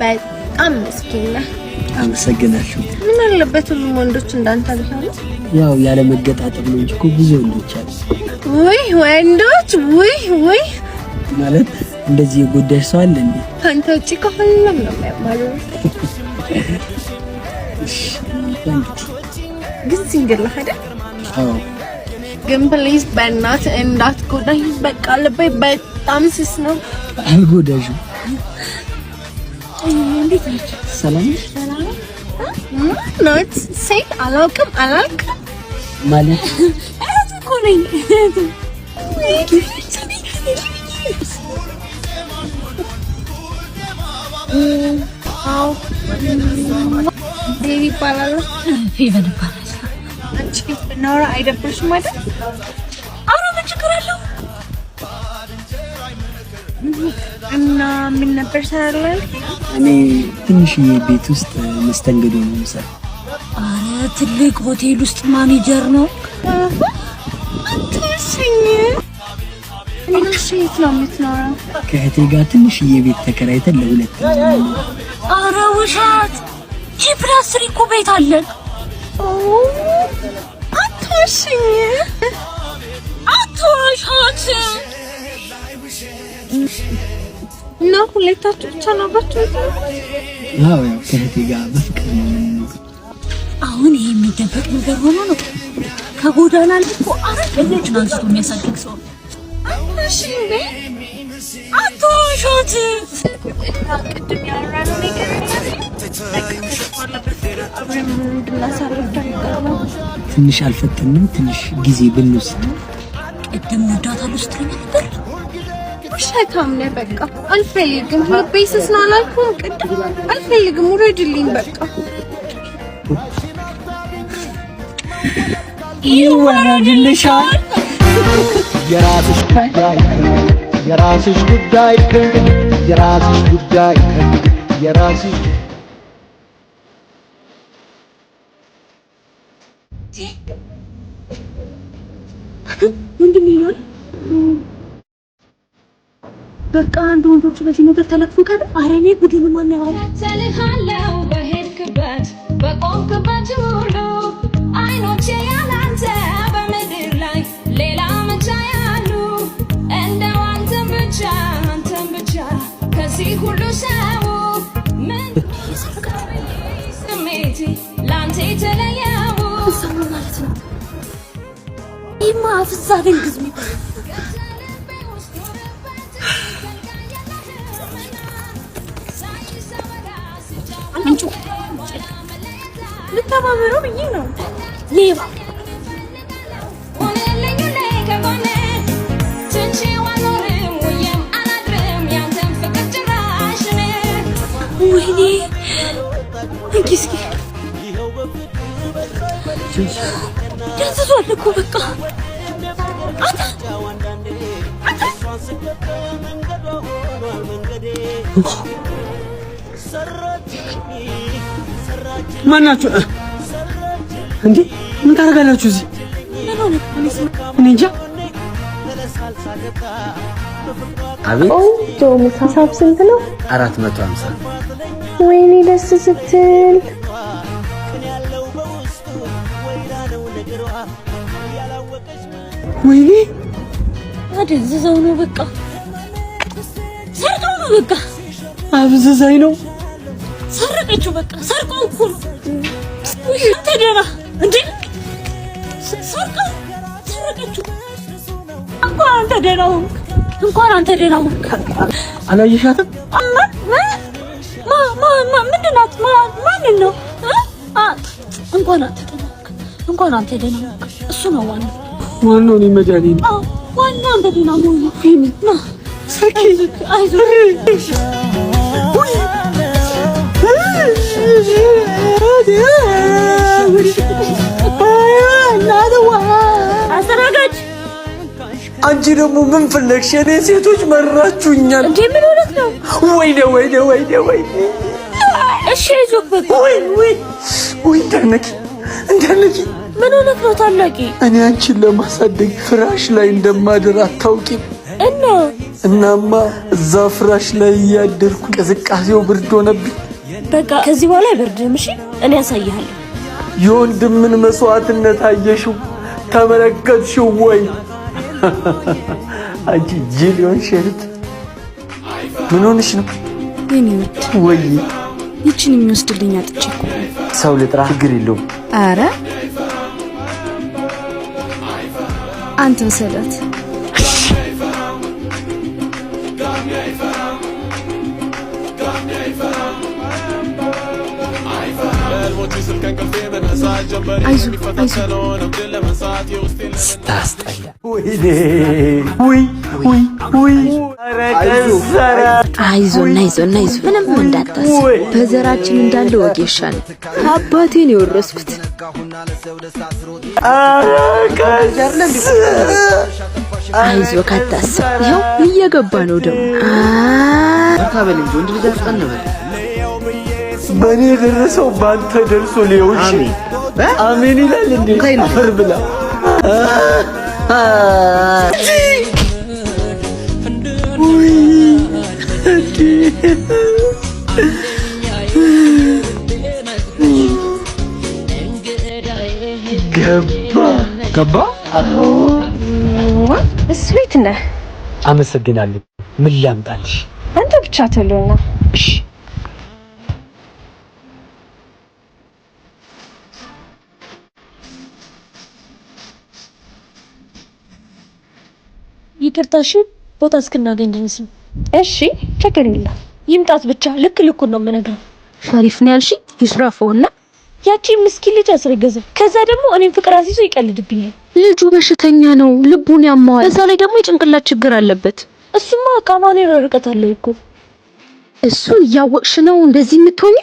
በጣም ምስኪን ነህ። አመሰግናለሁ። ምን አለበት ሁሉም ወንዶች እንዳንተ ቢሆኑ። ያው ያለ መገጣጠም ነው እንጂ እኮ ብዙ ወንዶች አሉ። ውይ ወንዶች፣ ውይ ውይ። ማለት እንደዚህ የጎዳሽ ሰው አለ እንዴ? ከአንተ ውጭ ከሁሉም ነው የሚያማሉ። ግን ሲንግል አይደል? አዎ። ግን ፕሊዝ በእናትህ እንዳትጎዳኝ። በቃ ልቤ በጣም ስስ ነው። አልጎዳሽም ሰላም ኖት ሴት አላውቅም አላውቅም ማለት እህት እኮ ነኝ። ይባላል ችግር አለው? እና ምን ነበር ሰራለን እኔ ትንሽዬ ቤት ውስጥ መስተንግዶ ነው የምሰራው። አረ ትልቅ ሆቴል ውስጥ ማኔጀር ነው። ሴት ነው የምትኖረው። ከእህቴ ጋር ትንሽዬ ቤት ተከራይተን ለሁለት። አረ ውሻት ጂፕላስ እኮ ቤት አለን። አትወሽኝ አትወሻት እና ሁለታችሁ ብቻ ናባችሁ? አዎ፣ ያው ከእህቴ ጋር በፍቅር አሁን ይሄ የሚደበቅ ነገር ሆኖ ነው። ከጎዳና ላይ እኮ አራት ልጆችን አንስቶ የሚያሳድግ ሰው እሺ፣ አትዋሻት። ቅድም ያወራነው ነገር ትንሽ አልፈተንም። ትንሽ ጊዜ ብንወስድ ቅድም ወዳታለሁ ስትለኝ ነበር ውሸታም ነህ። በቃ አልፈልግም። ቤስስ ነው አላልኩም? ቅድም አልፈልግም። ውረድልኝ በቃ ይወረድልሻል። የራስሽ ጉዳይ የራስሽ ጉዳይ የራስሽ ምንድን ነው በቃ አንድ ወንዶች በዚህ ነገር ተለጥፎ ካለ ኧረ እኔ ጉዴን ማን ያወራል? ሰልሃለው በሄድክበት በቆምክበት ሁሉ አይኖቼ ያላንተ በምድር ላይ ሌላ መቻ ያሉ እንደው አንተን ብቻ አንተን ብቻ ከዚህ ሁሉ ሰው ምን ስሜቴ ላንተ የተለየው ማለት ነው ይማ ፍዛ ደንግዝ አንቺ ልተባበረው ብዬ ነው። ሌባ ወይኔ እንኪስኪ ደንዝዟል እኮ በቃ አታ ማናችሁ? እንዴ ምን ታደርጋላችሁ እዚህ? እኔ እንጃ። አቤት ሂሳብ ስንት ነው? አራት መቶ ሀምሳ ወይኔ ደስ ስትል ወይኔ አደንዝዘው ነው በቃ ሰርተው ነው በቃ አብዝዛኝ ነው ሰረቀችው። በቃ ሰርቀው እኮ ነው ተደራ እንዴ ሰርቀው ሰረቀችው። እንኳን አንተ ደህና ሆንክ፣ እንኳን አንተ ደህና ሆንክ። አላየሻትም? ምንድን ናት? ማንን ነው? እንኳን አንተ ደህና ሆንክ፣ እንኳን አንተ ደህና ሆንክ። እሱ ነው ዋናው፣ ዋናው እኔ መድኃኒት ዋናው አንተ ደህና መሆኑ ነው። አስተናጋጅ አንቺ ደግሞ ምን ፈለግሽ? እኔ ሴቶች መራችሁኛል እንዴ? ምን ሆነህ ነው? ወይኔ ወይኔ ወይኔ ወይኔ! እሺ ይዞበት ወይ ወይ ወይ እንዳነኪ እንዳነኪ ምን ሆነህ ነው ታላቂ? እኔ አንቺን ለማሳደግ ፍራሽ ላይ እንደማድር አታውቂም። እና እናማ እዛ ፍራሽ ላይ እያደርኩ ቅዝቃዜው ብርድ ሆነብኝ። በቃ ከዚህ በኋላ አይበርድም። እሺ እኔ ያሳይሃለሁ። የወንድምን መስዋዕትነት አየሽው ተመለከትሽው ወይ? አንቺ ጅል ይሆን ሸርት ምን ሆንሽ ነው? የኔ ውድ ወይ ይችን የሚወስድልኝ አጥቼ እኮ ሰው ልጥራ። ችግር የለውም። አረ አንተ ሰላት ስታስጠላ አይዞና አይዞና አይዞ ምንም እንዳታስብ። በዘራችን እንዳለ ወጌሻ ነው። አባቴን የወረስኩት አይዞ ካታስብ ይኸው እየገባ ነው ደግሞ በእኔ የደረሰው በአንተ ደርሶ ሊሆንሽ አሜን ይላል እንዴ? ብላ ገባ ገባ። እሱ ቤት ነህ። አመሰግናለሁ። ምን ላምጣልሽ? አንተ ብቻ ተሎና እሺ ይቅርታሽ ቦታ እስክናገኝ ድረስ እሺ ችግር የለም ይምጣት ብቻ። ልክ ልኩ ነው የምነግረው። ሸሪፍ ነው ያልሽ ይስራፈውና ያቺ ምስኪን ልጅ አስረገዘ። ከዛ ደግሞ እኔም ፍቅር አስይዞ ይቀልድብኛል። ልጁ በሽተኛ ነው፣ ልቡን ያማዋል። በዛ ላይ ደግሞ የጭንቅላት ችግር አለበት። እሱማ ከአማኑኤል ርቀት አለው እኮ። እሱ እያወቅሽ ነው እንደዚህ የምትሆኝ?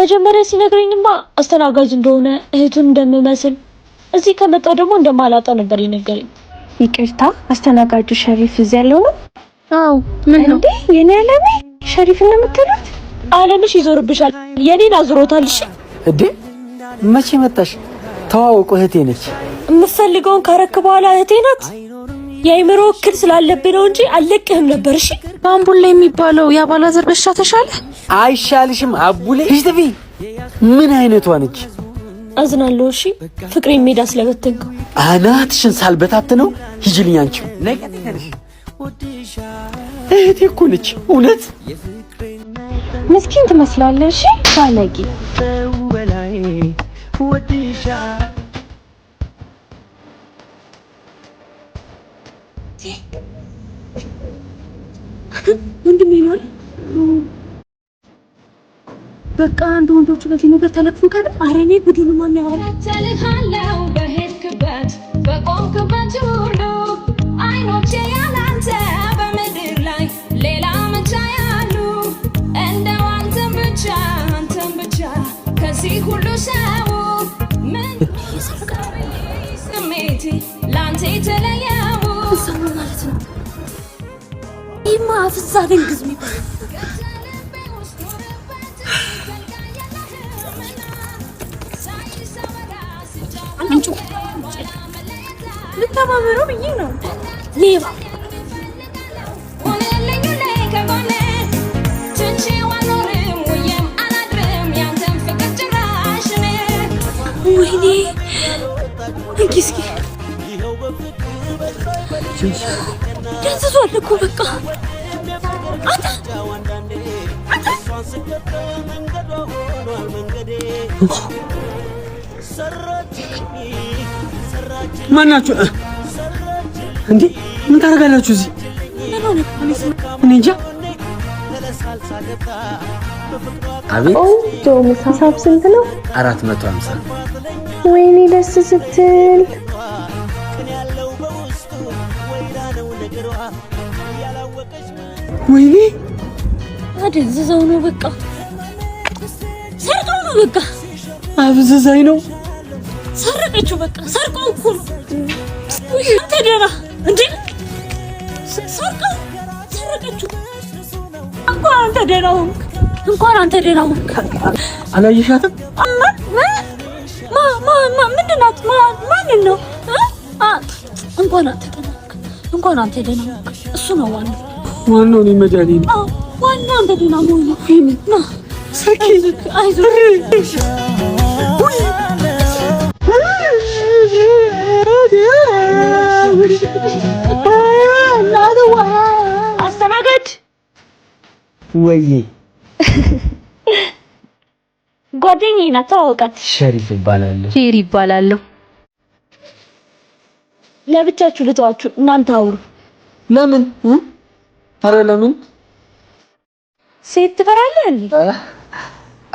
መጀመሪያ ሲነግረኝማ አስተናጋጅ እንደሆነ እህቱን እንደምመስል እዚህ ከመጣው ደግሞ እንደማላጣ ነበር የነገረኝ። ይቅርታ አስተናጋጁ ሸሪፍ እዚህ ያለው ነው? አዎ። ምን ነው እንዴ? የኔ አለሜ ሸሪፍ ነው የምትሉት? አለምሽ ይዞርብሻል። የኔን አዙሮታል። እሺ። እንዴ መቼ መጣሽ? ተዋውቁ፣ እህቴ ነች። የምትፈልገውን ካረክ በኋላ እህቴ ናት። የአይምሮ እክል ስላለብኝ ነው እንጂ አልለቅህም ነበር። እሺ። ባምቡላ የሚባለው የአባላዘር በሽታ ተሻለ? አይሻልሽም? አቡሌ ሂጂ ምን አይነቷ ነች? አዝናለሁ። እሺ ፍቅሬ ሜዳ ስለበተንከው አናትሽን ሳልበታት ነው። ሂጅልኝ አንቺ እህቴ እኮ ነች። እውነት ምስኪን ትመስላለህ። እሺ ባለጌ ወንድሜ ነው በቃ አንድ ወንዶቹ በዚህ ነገር ተለቅፉ ካለ አረኔ ቡድኑ ማን ያዋል ተልካለው በሄድክበት በቆምክበት ሁሉ አይኖቼ ያላንተ በምድር ላይ ሌላ መቻ ያሉ እንደ አንተን ብቻ አንተን ብቻ ከዚህ ሁሉ ሰው ምን ስሜቴ ላንተ የተለየው ማለት ነው ይማ ፍዛ ደንግዝሜ አትተማመነው ብዬ ነው። ሌባ ወይኔ እንኪስኪ ደንዝዟል እኮ በቃ አታ ማናችሁ? እንዴ ምን ታደርጋላችሁ እዚህ? እኔ እንጃ። አቤት ሂሳብ ስንት ነው? አራት መቶ ሀምሳ ወይኔ ደስ ስትል ወይኔ አደንዝዘው ነው በቃ ሰርቀው ነው በቃ አብዝዛኝ ነው ሰረቀችው። በቃ ሰርቀው እኮ ነው አንተ ደህና እንዴ? ሰርቀው ሰረቀችው እኮ አንተ ደህና ሆንክ። እንኳን አንተ ደህና ሆንክ። አላየሻትም? ምንድን ማንን ነው? እንኳን አንተ ደህና ሆንክ። እንኳን አንተ ደህና ሆንክ። እሱ ነው ዋናው። ዋናው እኔ መድኃኒት ነው። ዋናው አንተ ደህና መሆን ነው። አይዞህ አስተናገድ ወይ ጓደኛዬ ናት። ተዋወቃት። ሸሪፍ ይባላለሁ። ሼር ይባላለሁ። ለብቻችሁ ልተዋችሁ፣ እናንተ አውሩ። ለምን? አረ ለምን ሴት ትፈራለህ?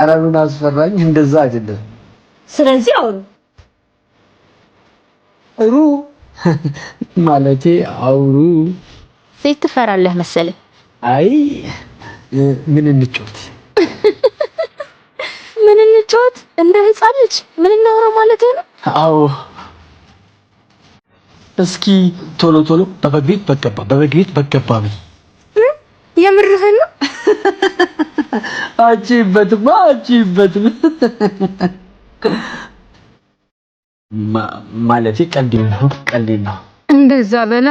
አረ ምን አስፈራኝ፣ እንደዛ አይደለም። ስለዚህ አውሩ ሩ ማለቴ አውሩ። ሴት ትፈራለህ መሰለህ? አይ ምን እንጫወት ምን እንጫወት እንደ ህፃን ልጅ ምን እናወራ ማለት ነው? አዎ እስኪ ቶሎ ቶሎ በበግ ቤት በገባ በበግ ቤት በገባ ምን የምርህን ነው? አጂበትማ አጂበትም ማለት ቀልድ ነው ቀልድ ነው። እንደዛ በላ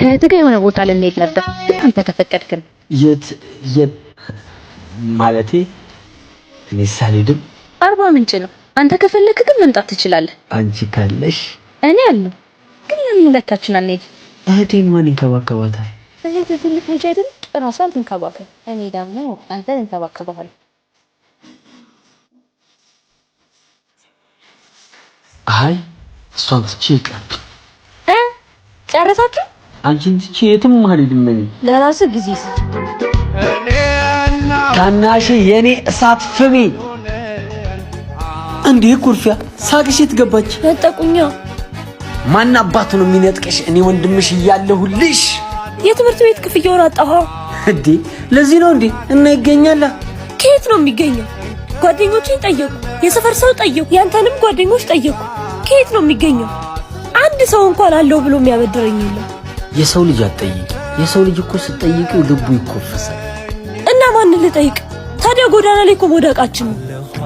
ከእህትህ ጋር የሆነ ቦታ ልንሄድ ነበር፣ አንተ ከፈቀድክን። የት የት ማለቴ እኔ ሳልሄድም አርባ ምንጭ ነው። አንተ ከፈለክ ግን መምጣት ትችላለህ። አንቺ ካለሽ እኔ አለሁ። ግን ለምን ሁለታችን አንሄድም? እህቴን ማን ይንከባከባታል? እህቴ ትልቅ ልጅ አይደል? ራሷን ትንከባከብ። እኔ ደግሞ አንተን እንከባከባለሁ አይ እሷን ትቼ እ ጨረሳችሁ? አንቺን ትቼ የትም አልሄድም። እኔ ለራሱ ጊዜ ታናሽ የኔ እሳት ፍሜ እንዴ ኩርፊያ ሳቅሽ የት ገባች? ነጠቁኛ። ማን አባቱ ነው የሚነጥቅሽ? እኔ ወንድምሽ እያለሁልሽ የትምህርት ቤት ክፍያውን አጣኋው። እንዴ ለዚህ ነው እንዴ? እና ይገኛላ። ከየት ነው የሚገኘው? ጓደኞችን ጠየቁ፣ የሰፈር ሰው ጠየቁ፣ ያንተንም ጓደኞች ጠየቁ። ከየት ነው የሚገኘው? አንድ ሰው እንኳን አለው ብሎ የሚያበድረኝ የለም። የሰው ልጅ አትጠይቂ። የሰው ልጅ እኮ ስትጠይቂው ልቡ ይኮፈሳል። እና ማንን ልጠይቅ ታዲያ? ጎዳና ላይ እኮ መውደቃችን ነው።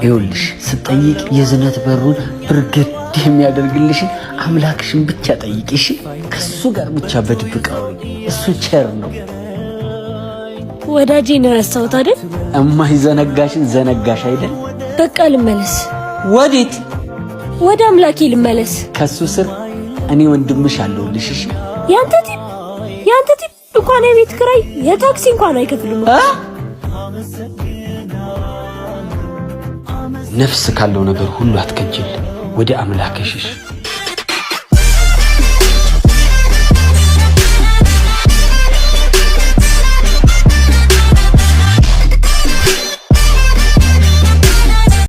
ይኸውልሽ ስጠይቅ የዝነት በሩን ብርግድ የሚያደርግልሽን አምላክሽን ብቻ ጠይቂ እሺ። ከሱ ጋር ብቻ በድብቅ እሱ ቸር ነው። ወዳጄ ነው ያሳውት አይደል? ዘነጋሽን ዘነጋሽ አይደል? በቃ ልመለስ። ወዴት ወደ አምላኬ ልመለስ። ከሱ ስር እኔ ወንድምሽ አለሁልሽ። እሺ ያንተ ቲፕ ያንተ ቲፕ እንኳን የቤት ክራይ የታክሲ እንኳን አይከፍልም። ነፍስ ካለው ነገር ሁሉ አትከጅል። ወደ አምላክሽ